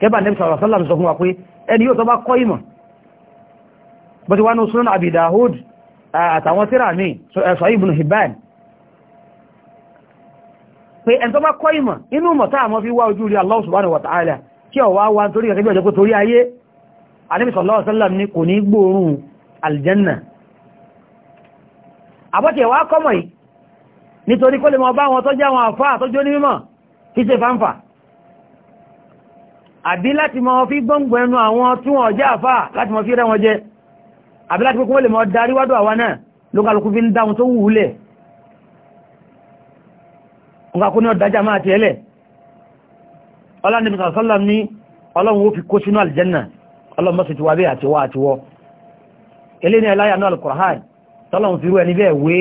kẹba Nabi sallallahu alaihi wasallam sọ fún wa pé ẹni yóò tó bá kọ́ ìmọ̀ bó wa ta'ala kí ọ̀wá wa torí ẹ̀kẹ́gbẹ̀ẹ́jọ́ torí ayé Ànábì sallallahu alaihi wasallam ní kò ní gbóòrùn aljanna àbọ́tẹ̀ wá kọ́mọ̀ yìí nítorí kó lè mọ bá wọn tó jẹ́ àwọn àfáà tó jó ní mímọ̀ kí ṣe fánfà àbí láti mọ fi gbọ́ngbọ̀ ẹnu àwọn tí wọ́n jẹ́ àfáà láti mọ fi rẹ́ wọn jẹ àbí láti kókó lè mọ darí wádọ̀ àwa náà lókàlùkù fi ń dáhun tó wùúlẹ̀ nǹkan kó ní ọ̀dájà máa tẹ́lẹ̀ ọlá ní ọlọ́run ó fi kó sínú àlìjẹ́nà ọlọ́mọ sì ti wá bẹ́ẹ̀ àtiwọ́ àtiwọ́ eléyìí ní ẹláyà náà alukur'an tọ́lọ́run fi rú ẹni bẹ́ẹ̀ wé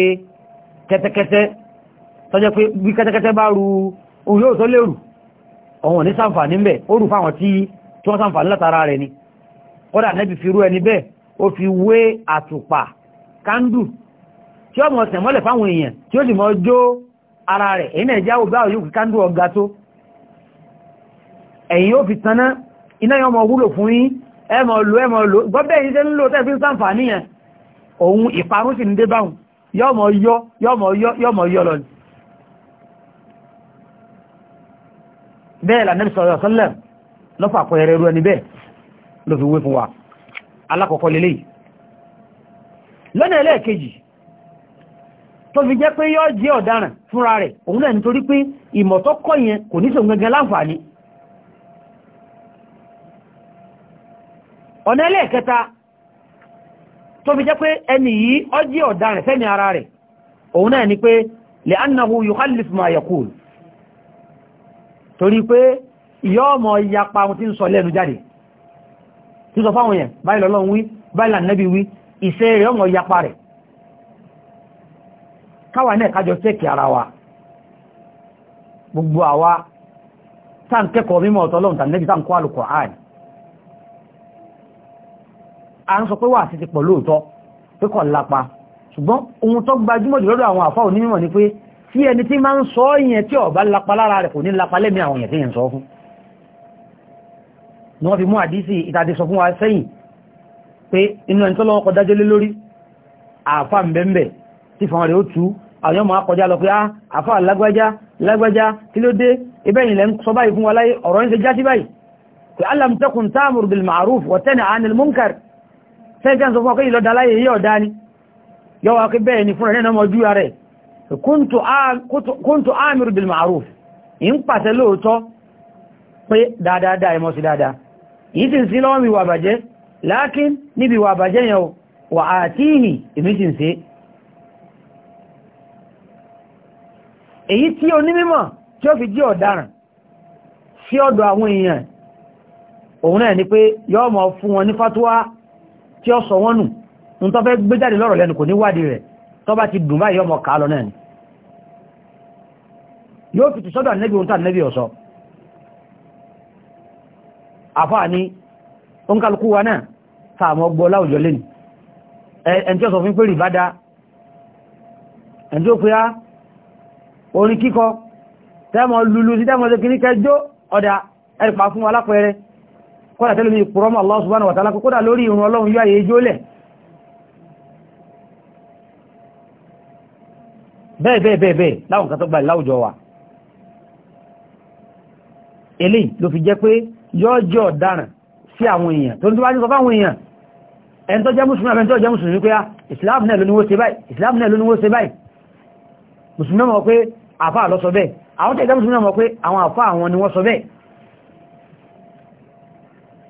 kẹ́tẹ́kẹ́tẹ́ tọ́jẹ́ pé bí kẹ́tẹ́kẹ́tẹ́ bá ru òun yóò tó lérù ọ̀wọ̀n ní sàǹfààní ń ó rù fáwọn tí wọ́n sàǹfààní látara rẹ̀ ni kódà nẹ́bi fi rú ẹni bẹ́ẹ̀ ó fi wé àtùpà kándù tí ọmọ ọ̀sẹ̀ mọ́lẹ̀ fáwọn èèyàn tí ó sì mọ́ jó ara rẹ̀ èyí náà jáwó bá òyìnkú kándù ọ̀gá tó ẹ̀yìn ó fi taná iná yọmọ wúlò fún yín ẹmọ̀ lò ẹmọ̀ lò gbọ́bẹ̀ yìí ṣe ń lò tẹ́fí sáǹfàní yẹn òun ìparun sì ń dé báhùn yọ́mọ̀ yọ́ yọ́mọ̀ yọ́ yọ́mọ̀ yọ́ lọ bẹ́ẹ̀ lànẹ́bí sọ̀rọ̀ sọ́lẹ̀ lọ́fà pẹ̀rẹ̀ ẹrú ẹni bẹ́ẹ̀ fi wé fún ọ̀nà ẹlẹ́ẹ̀kẹta tó fi jẹ́ pé ẹni yìí ọjí ọ̀dá rẹ̀ fẹ́mi ara rẹ̀ òun náà ni pé lè annahu yohannes ma yaqul torí pé ìyọ́ ọmọ ìyapa ohun tí ń sọ lẹ́nu jáde tí sọ fáwọn yẹn báyìí lọ́lọ́run wí báyìí lànàbí wí ìṣe rẹ̀ rẹ̀ náà kájọ tẹ́kì ara wa gbogbo àwa tá mímọ̀ a ń sọ pé wà sí ti pọ̀ lóòótọ́ pé kọ̀ lápa ṣùgbọ́n ohun tó gbajúmọ̀ jù lọ́dọ̀ àwọn àfá òní mímọ̀ ni pé tí ẹni tí máa ń sọ yẹn tí ọ̀bá lapa lára rẹ̀ kò ní lapa lẹ́mí àwọn yẹn tí yẹn sọ fún ni wọ́n fi mú àdísì ìtàdé sọ fún wa sẹ́yìn pé inú ẹni tó lọ́wọ́ kọ dájọ́ lórí àfá mbẹ́mbẹ́ tí fọ́n rẹ̀ ó tú àwọn ọmọ akọjá lọ pé á ah, àfá lágbájá lágbájá kí ló dé ibẹ̀ yìí lẹ́ sọ báyìí fún wa láyé ọ̀rọ̀ ń ṣe já sí báyìí pé alam ta'mur bil ma'ruf wa tanha 'anil munkar sẹ́ntẹ́n sọ fún ọkọ̀ ìlọ́dà láyé yíò dání yọwà kí bẹ́ẹ̀ ni fún ẹ̀rẹ́ náà jú rẹ̀ kúntù ámìrù bil ma'ruf in pàṣẹ lóòtọ́ pé dáadáa ẹmọ́ sí dáadáa yìí sì ń sí lọ́wọ́ mi wà bàjẹ́ lákín níbi wà bàjẹ́ yẹn wà àtíhì èmi sì ń sí èyí tí onímọ̀ òun náà ni pé yọ́ mọ̀ fún wọn ní fatuwa tí ó sọ wọ́n nù ní tó fẹ́ gbé jáde lọ́rọ̀ lẹ́nu kò ní wádìí rẹ̀ tó bá ti dùn báyìí ọmọ kàá lọ náà ni yóò fi ti sọ́dọ̀ ànẹ́bí ohun tàn nẹ́bí ọ̀sọ́ àfáà ní oúnkàlùkù wa náà sàmọ́ gbọ́ láwùjọ lẹ́nu ẹn kọ́dà tẹ́lẹ̀ ní ìpùrọ́mọ̀ Allah subhanahu wa ta'ala kódà lórí ìrun ọlọ́run yóò àyè jólẹ̀ bẹ́ẹ̀ bẹ́ẹ̀ bẹ́ẹ̀ bẹ́ẹ̀ láwọn kan tó gbà láwùjọ wa eléyìí ló fi jẹ́ pé yọ́jọ́ ọ̀daràn sí àwọn èèyàn tó ń tó bá ní sọ fáwọn èèyàn ẹni tó jẹ́ mùsùlùmí àbẹ́ni tó jẹ́ mùsùlùmí pé ìsìláàmù ah, náà ló ní wó ṣe báyìí ìsìláàmù náà ló ní wó ṣe báyìí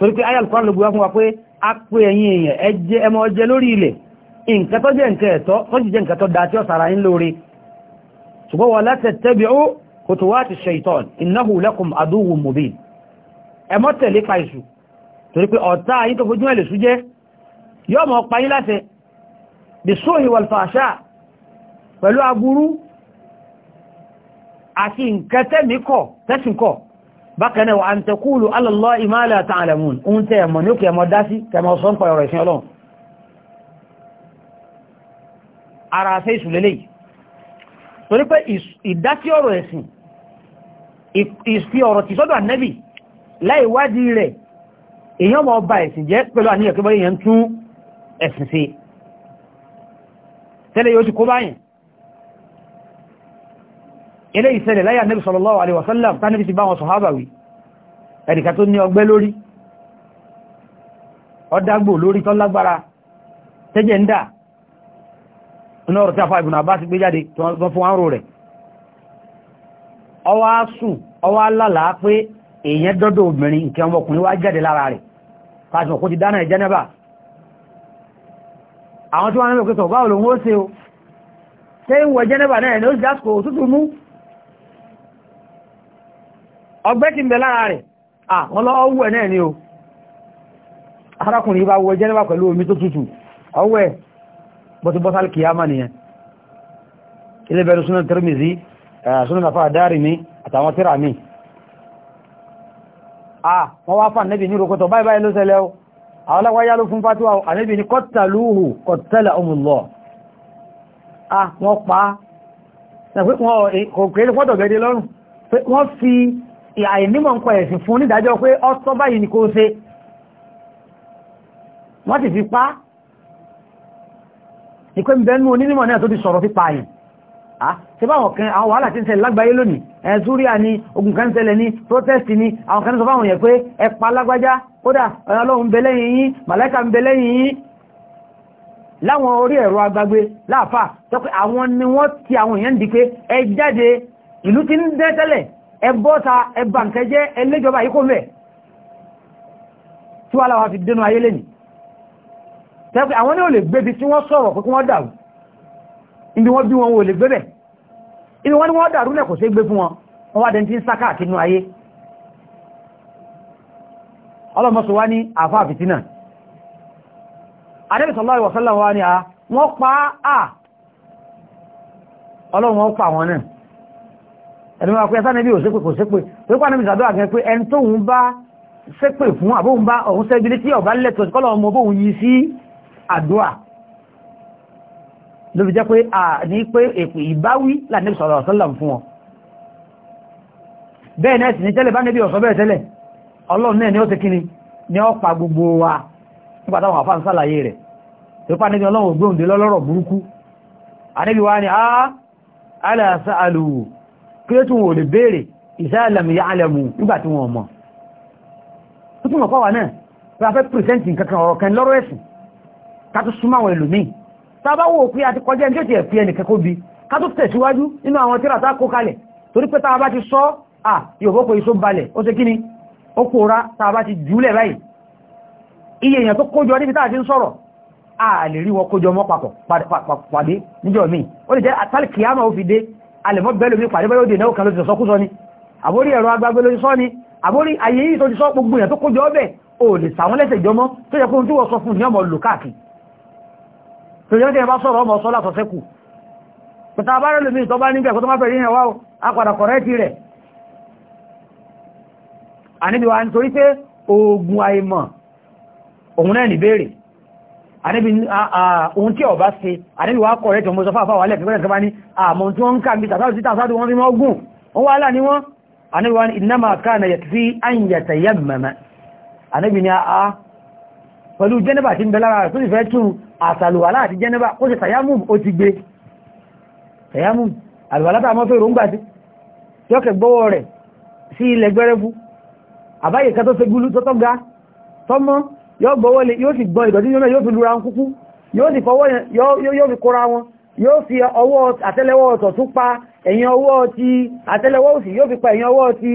torí pé ayàl kọ́rọ̀ lóbi wá fún wa pé a pé ẹ̀yin èèyàn ẹjẹ́ ẹmọ ọjẹ́ lórí ilẹ̀ nǹkan tó jẹ́ nǹkan ẹ̀tọ́ tó jẹ́ nǹkan tó dáa tí ó sara yín lórí ṣùgbọ́n wala tattabi'u khutuwati shaytan innahu lakum aduwwun pẹ̀lú aburú àti nǹkan tẹ́mí kọ̀ bákan náà an taqulu ala Allahi ma la ta'lamun ohun tẹ́ ẹ̀mọ̀ ní ó kẹ́mọ̀ dá sí kẹ́mọ̀ sọ ń pa ọ̀rọ̀ ìsìn ọlọ́run ara fẹ́ ìsùlélẹ̀ yìí torí pé ìdásí ọ̀rọ̀ ẹ̀sìn ilé ìṣẹ̀lẹ̀ láyà nẹ́bí sallallahu alaihi wasallam tánibí ti bá wọn sọ̀hábàwì ẹnìkà tó ní ọgbẹ́ lórí ọdágbò lórí tó lágbára tẹ́jẹ̀ ń dà iná ọ̀rọ̀ tí a fa ìbùnà bá ti gbé jáde tó fún àrò rẹ̀ ọwá sùn ọwá lálàá pé èèyàn dọ́dọ̀ obìnrin nǹkan ọmọkùnrin wá jáde lára rẹ̀ káàkiri kó ti dáná àwọn tí wọ́n ń lò pé tọ̀ báwo lòun ó ṣe o ṣé ìwọ̀ jẹ́nẹ́bà náà ní ó sì dásìkò òtútù mú ọgbẹ́ ti ń bẹ lára rẹ̀ àwọn lọ́wọ́ wù ẹ̀ náà ni o arákùnrin bá wọ jẹ́nẹ́bà pẹ̀lú omi tó tútù ọwọ́ ẹ̀ bọ́tubọ́sálì kìyàmà nìyẹn ilé bẹ̀rẹ̀ súnà Tirmidhi súnà nàfà dárì ní àtàwọn tíra mi wọ́n wá fà nẹ́bì ní rokotọ̀ báyìí báyìí ló ṣẹlẹ̀ o àwọn aláwáyá ló fún fatuwa ànẹ́bì ní wọ́n fi àìnímọ̀ nǹkan ẹ̀sìn fún nídàájọ́ pé ọ́tọ́ báyìí ni kó ṣe wọ́n ti fi pa ìpé ìbẹ̀nú onímọ̀ náà tó ti sọ̀rọ̀ fi pààyàn ṣe bá àwọn kan àwọn wàhálà tí ń ṣẹlẹ̀ lágbàáyé lónìí ẹ̀súríà ni ogun kan ṣẹlẹ̀ ní protest ni àwọn kan sọ fáwọn yẹn pé ẹpa lágbájá kódà ọlọ́run bẹ lẹ́yìn yín màláìka ń bẹ lẹ́yìn yín láwọn orí ẹ̀rọ agbágbé láàfà tọ́pẹ́ àwọn ni wọ́n ti àwọn èèyàn di pé ẹ jáde ìlú ti ń dẹ́ tẹ́lẹ̀ ẹbọ́ta ẹbànkẹjẹ́ ẹlẹ́jọba yíkó mẹ́ tí wà láwá fi dénú ayé lẹ́ni tẹ́kù àwọn ní ò lè gbébi tí wọ́n sọ̀rọ̀ pé kí wọ́n dàrú ibi wọ́n bí wọn ò lè gbébẹ̀ ibi wọ́n ni wọ́n dàrú lẹ́kọ̀ọ́ sí gbé fún wọn wọ́n pa náà ẹni máa pẹ́ sánẹ́bí ò sépè kò sépè pé pàdé mi sàdọ́ àgẹ́ pé ẹni tóun bá sépè fún àbóhun bá ọ̀hún sẹ́bílé tí ọ̀bá lẹ́tọ̀ sí kọ́lọ̀ ọmọ bóhun yìí sí àdúà ló fi jẹ́ pé à ní pé èpè ìbáwí lànẹ́bí sọ̀rọ̀ ọ̀sọ́làm fún ọ bẹ́ẹ̀ náà sì ní ni ó ti ni ó pa gbogbo wa nígbà táwọn àfáà ń sàlàyé rẹ̀ tó pa nẹ́bí ọlọ́run ògbóǹde lọ́lọ́rọ̀ burúkú ànẹ́bí wa kírétù wọn ò lè béèrè ìsáàlẹ̀mù ya alẹ̀mù nígbàtí wọn mọ̀ tó túnmọ̀ pàwà náà pé a fẹ́ pìrìsẹ́ntì kankan ọ̀rọ̀ kan lọ́rọ̀ ẹ̀sìn ká tó súnmọ́ àwọn ẹlòmíì tá bá wò pé a ti kọjá ẹjọ́ ti ẹ̀fí ẹnì kẹ́kọ́ bi ká tó tẹ̀síwájú nínú àwọn tíra tá kó kalẹ̀ torí iye èèyàn tó kójọ níbi tá a ti ń sọ̀rọ̀ a lè rí wọn kójọ mọ́ papọ̀ pàdé níjọ́ míì ó lè jẹ́ àtàlì kìámà ó fi dé alẹ̀mọ́ bẹ́lú mi pàdé bẹ́lú ìdènà òkà ló ti sọ́kú sọ ni àbórí ẹ̀rọ agbágbé lórí sọ́ ni àbórí ayé yìí tó ti sọ́ gbogbo èèyàn tó kójọ ọbẹ̀ ò lè sàwọn lẹ́sẹ̀ jọmọ́ tó yẹ kóhun tí wọ́n sọ fún ní ọmọ lò káàkiri tó yẹ kí ẹ àníbi ah, ah, ohun tí ọba ṣe àníbi wá kọ̀rẹ́ tó mọ́ sọ fáfáwà lẹ́fẹ́ pẹ́lẹ̀ kọba ní àmọ́ ah, tí wọ́n ń ká ní tàtàrù títà sáàdù wọ́n rí mọ́ gùn wọ́n wá láà ní wọ́n àníbi wọ́n ìnáma káàna yàtí àyàtà yàmàmà àníbi ni a pẹ̀lú jẹ́nẹ́bà tí ń bẹ lára tó sì fẹ́ tún àsàlùwàlá àti jẹ́nẹ́bà ó sì tàyámù ó ti tọ́mọ́ yóò gbọ́wọ́ lè yóò sì gbọ́n ìdọ̀dí yóò yóò fi lura kúkú yóò sì fọwọ́ yóò fi kóra wọn yóò fi ọwọ́ àtẹ́lẹwọ́ ọ̀tọ̀ tún pa ẹ̀yìn ọwọ́ ti àtẹ́lẹwọ́ òsì yóò fi pa ẹ̀yìn ọwọ́ ti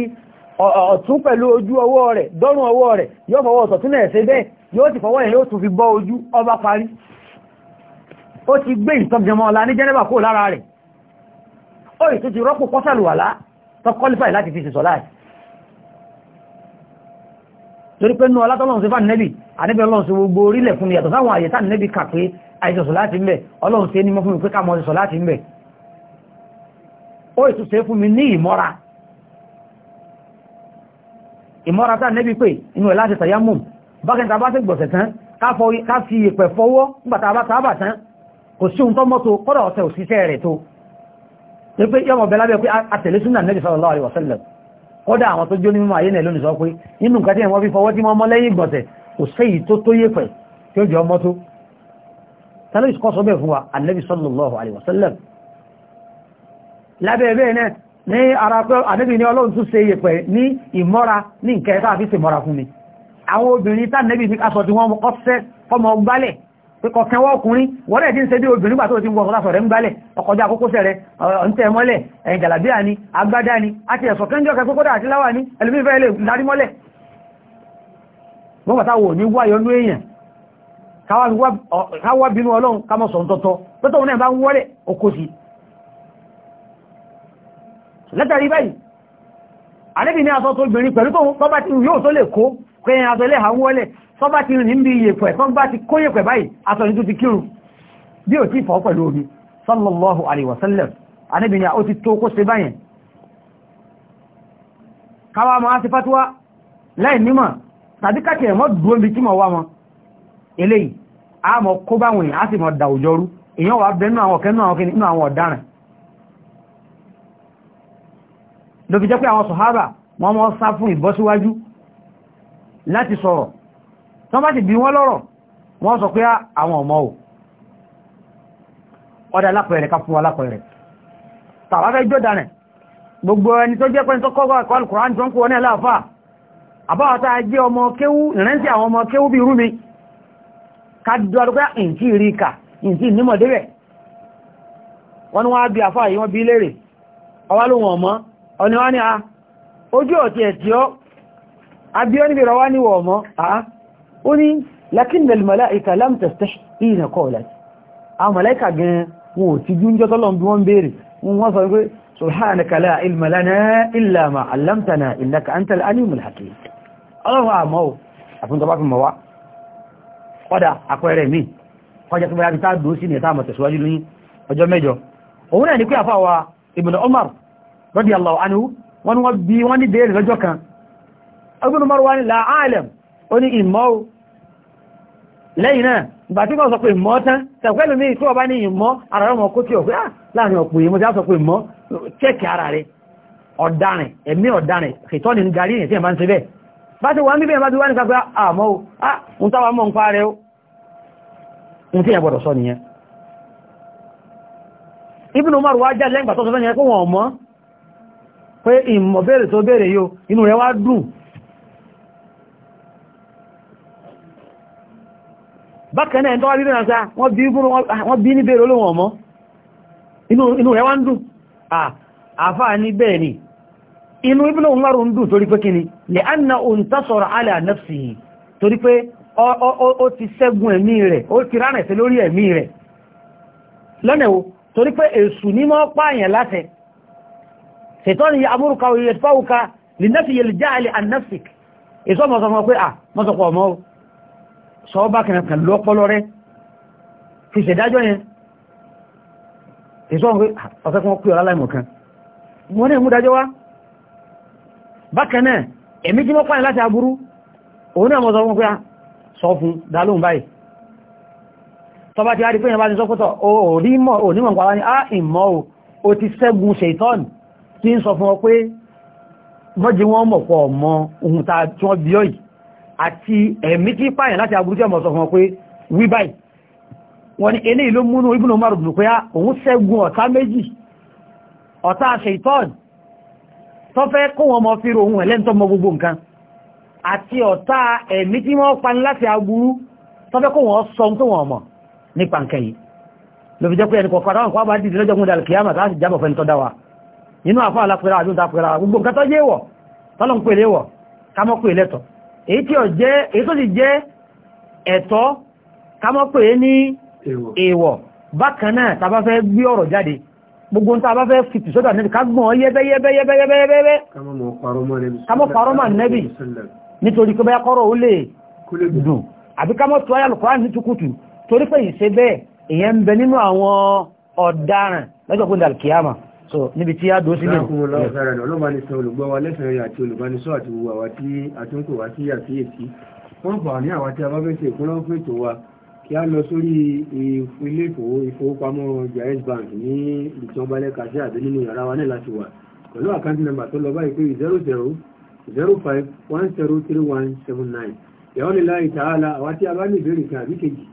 ọ̀tún pẹ̀lú ojú ọwọ́ rẹ̀ dọ́rùn ọwọ́ rẹ̀ yóò fọwọ́ ọ̀tọ̀ tún ẹ̀ẹ́sẹ́ bẹ́ẹ̀ yóò sì fọwọ́ yóò tún fi bọ́ ojú ọba parí ó ti gbé ìtọ́jẹmọ́ ọ̀la ní jẹ́nẹ́bà kó lára rẹ̀ ó ì tó ti rọ́pò kọ́sàlùwàlá tó kọ́lífàì láti fi ṣe torí pé nú ọlátọ́lọ́run sí fánẹ́bì àníbẹ̀ ọlọ́run sí gbogbo orílẹ̀ fún ìyàtọ̀ sáwọn àyè tánẹ́bì kà pé àìsọ̀sọ̀ láti mẹ́ ọlọ́run sí ẹnimọ́ fún mi pé ká mọ́ ọ̀sọ̀ láti mẹ́ ó ìtúsẹ́ fún mi ní ìmọ́ra ìmọ́ra tánẹ́bì pé inú ẹ̀ láti tàyámù bákẹ́ntà bá sì gbọ̀sẹ̀ tán ká fi ìpẹ̀ fọwọ́ nígbàtà bá sábà tán kò sí ohun tó mọ́ tó kọ́dọ̀ ọ̀sẹ̀ òṣìṣẹ́ rẹ̀ tó pé yọmọ̀ bẹ́lábẹ́ pé àtẹ̀lé súnà kọ́dá àwọn tó jó ní mímọ̀ ayé nẹ̀ lónìí sọ pé inú nǹkan tí wọ́n fi fọwọ́ tí wọ́n mọ́ lẹ́yìn ìgbọ̀nsẹ̀ kò séyìí tó tó yé pẹ̀ tí ó jọ mọ́ tó tẹ́lẹ̀ ìṣkọ́ sallallahu alaihi wasallam lábẹ́ bẹ́ẹ̀ náà ní ara pé annabi ní ọlọ́run tún ṣe yẹ pẹ̀ ní ìmọ́ra ní nǹkan tá a fi ṣe mọ́ra fún mi kọ̀kẹ́ wọ́n ọkùnrin wọ́n tí ń ṣe bí obìnrin gbà tó ti ń wọ́n lásọ̀rẹ̀ ń gbálẹ̀ ọkọjá àkókósẹ̀ rẹ̀ ọ̀ntẹ́ mọ́lẹ̀ ẹ̀yìn jàlàbíà ni agbádá ni àti ẹ̀sọ̀ kẹ́ńjọ́ kẹ́kọ́ kódà àti láwà ní ẹlòmífẹ́ lè darí mọ́lẹ̀ wọ́n bàtà wò ní wáyọ ní èèyàn káwà bínú ọlọ́run kámọ́ sọ tọ́tọ́ tọ́tọ́ òun náà bá ń wọ́lẹ̀ okó sí látàrí báyìí àlébì ní aṣọ tó gbìnrin pẹ̀lú tó bá ti yóò tó lè kó pé aṣọ ilé àwọn tó bá ti rìn bí iyèpẹ̀ tó bá ti kó yèpẹ̀ báyìí aṣọ ní tó ti kírun bí ò tí fọ́ pẹ̀lú omi sallallahu alaihi wasallam anábì ni a ó ti tó kó ṣe báyẹn káwa máa ti fatuwa láì nímọ̀ tàbí kàkẹ́ mọ́ dúró bí tí mọ̀ wá wọn eléyìí a mọ̀ kó báwọn èèyàn á sì mọ́ láti sọ̀rọ̀ tán bá ti bí wọ́n lọ́rọ̀ wọ́n sọ pé ah, àwọn ọmọ ò ọdá alápẹ̀ẹ̀rẹ̀ ká fún alápẹ̀ẹ̀rẹ̀ tàbá fẹ́ jọ́dá rẹ̀ gbogbo ẹni tó jẹ́ pẹ́ tó kọ́kọ́ ẹ̀kọ́ alùkùrán tó ń kú wọn ní aláàfà àbáwọ̀tá jẹ́ ọmọ kéwú ìrẹ́nsì àwọn ọmọ kéwú bí rúmi ká dọ́dọ́ pé ni wọ́n á bí ah, ojú ọ̀tí ẹ̀ tí ó abíọ́ níwọ̀ ọmọ àá ah, ó ní lakin al-mala'ika lam tastahina qalat àwọn màláìkà gan wọn ò ti júnjọ́ tọ́lọ́n bí wọ́n béèrè wọ́n sọ pé subhanaka la ilma lana illa ma 'allamtana innaka antal alimul hakim ọlọ́run àmọ́ ò àfihàn tó bá fi mọ̀ wá ọ̀dà àpẹẹrẹ mi kọjá tó bá yàtí táàdù sí ní ẹ̀tàmọ̀ tẹ̀síwájú ní ọjọ́ mẹ́jọ òun náà ni pé àfáwà ibn Umar radiyallahu anhu wọ́n bí wọ́n ní bèèrè lọ́jọ́ kan ọgbọ́n Umar ní la'alam ó ní lẹ́yìn náà ìgbà tí wọ́n sọ pé mọ́ tán tẹ̀pẹ́lú ní ìtọ́ ọba ní ìmọ́ ara rẹ̀ ọmọkó tí ó pé á ah, láàrin ọ̀pọ̀ èyí mo ti á sọ pé mọ́ chẹ́kì ara rẹ̀ ọ̀daràn ẹ̀mí ọ̀daràn ṣètọ́ ní darí èyí tí ẹ̀ máa ń ṣe bẹ́ẹ̀ bá ti wà ń bíbẹ̀ bá ti wá ní kápẹ́ àmọ́ ah, o ah, á ń táwa mọ́ ń o ń tí ẹ̀ gbọ́dọ̀ sọ nìyẹn Ibn Umar wá bákan náà tó wá bíbẹ̀ náà sá wọ́n bí ní bèèrè olóhùn ọmọ inú rẹ̀ wá ń dùn àfáà ní bẹ́ẹ̀ ni inú ibùnà òun lárùn dùn torí pé kíni lè anna òun tásọ̀rọ̀ alẹ́ ànáfsì torí pé ó ti ṣẹ́gun ẹ̀mí rẹ̀ ó ti rárẹ̀ sí lórí ẹ̀mí rẹ̀ lọ́nà wo torí pé èṣù ní mọ́ pààyàn láti ṣètọ́ ni amúrùka òye fáwùka lè náfi yẹ lè sọ́ọ́bà kẹ̀kẹ̀ lọ́pọlọ rẹ̀ fi ṣẹ̀dájọ́ yẹn ìṣọ́ ọ̀fẹ́ kún pí ọ̀rá láìmọ̀ kan wọ́n ní ìmúdájọ́ wá bákanẹ̀ ẹ̀mí jí mọ́pàá láti aburú òun náà mọ́sọ fún pé sọ fún ah, dalóhun báyìí tọba ti rádi pé yẹn ah, o o ti ṣẹ́gun ṣètọ́n tí ń sọ fún ọ pé mọ́jí wọ́n àti ẹ̀mí tí pààyàn láti aburú tí ọmọ sọ fún wọn pé wí báyìí wọ́n ní eléyìí ló múnú Ibn Umar dùn pé ah, òun ṣẹ́gun ọ̀tá méjì ọ̀tá Ṣaitan tó fẹ́ kó wọn mọ fíro ohun ẹ̀lẹ́ntọ́ mọ gbogbo nǹkan àti ọ̀tá ẹ̀mí tí wọ́n pa láti aburú tó fẹ́ kó wọn sọ wa inú àfọ́ àlápẹ́ra àdúntà pẹ́ra gbogbo nǹkan tó yé pè léwọ̀ ká pè lẹ́tọ̀ọ́ èyí tí ó jẹ́ èyí tó sì jẹ́ ẹ̀tọ́ kámọ́pẹ̀ ní èèwọ̀ bákan náà tàbá fẹ́ gbé ọ̀rọ̀ jáde gbogbo ń tàbá fẹ́ fìtì sódà nẹ́bì kágbọ̀n yẹ́bẹ́yẹ́bẹ́yẹ́bẹ́yẹ́bẹ́ kámọ́ parọ́mà nẹ́bì nítorí pé bẹ́yà kọ́rọ̀ ó lè dùn àbí kámọ́ tó ayà lùkọ́ ní tukutu torí pé ìṣe bẹ́ẹ̀ ń bẹ nínú àwọn ọ̀daràn so níbi tí a dúró sílẹ̀. láàkùn ọlọ́ọ̀sára náà ló máa ní san olùgbọ́ wa lẹ́sàn-án rẹ̀ àti olùbánisọ́ àti gbogbo àwa tí a tún kò wá sí àkíyèsí wọ́n fà ní àwa tí a bá fẹ́ ṣe ìpínlẹ̀ fún ètò wa kí a lọ sórí ilé ìfowópamọ́ Jaiz Bank ní ìtànbalẹ̀ kàṣẹ́ àbí nínú yàrá wa náà láti wà pẹ̀lú àkáǹtì nàmbà tó lọ báyìí pé zero zero zero five one zero three one seven nine ìyàwó nílá ìtàhálà àwa tí a bá ní ìbéèrè kan àbí kejì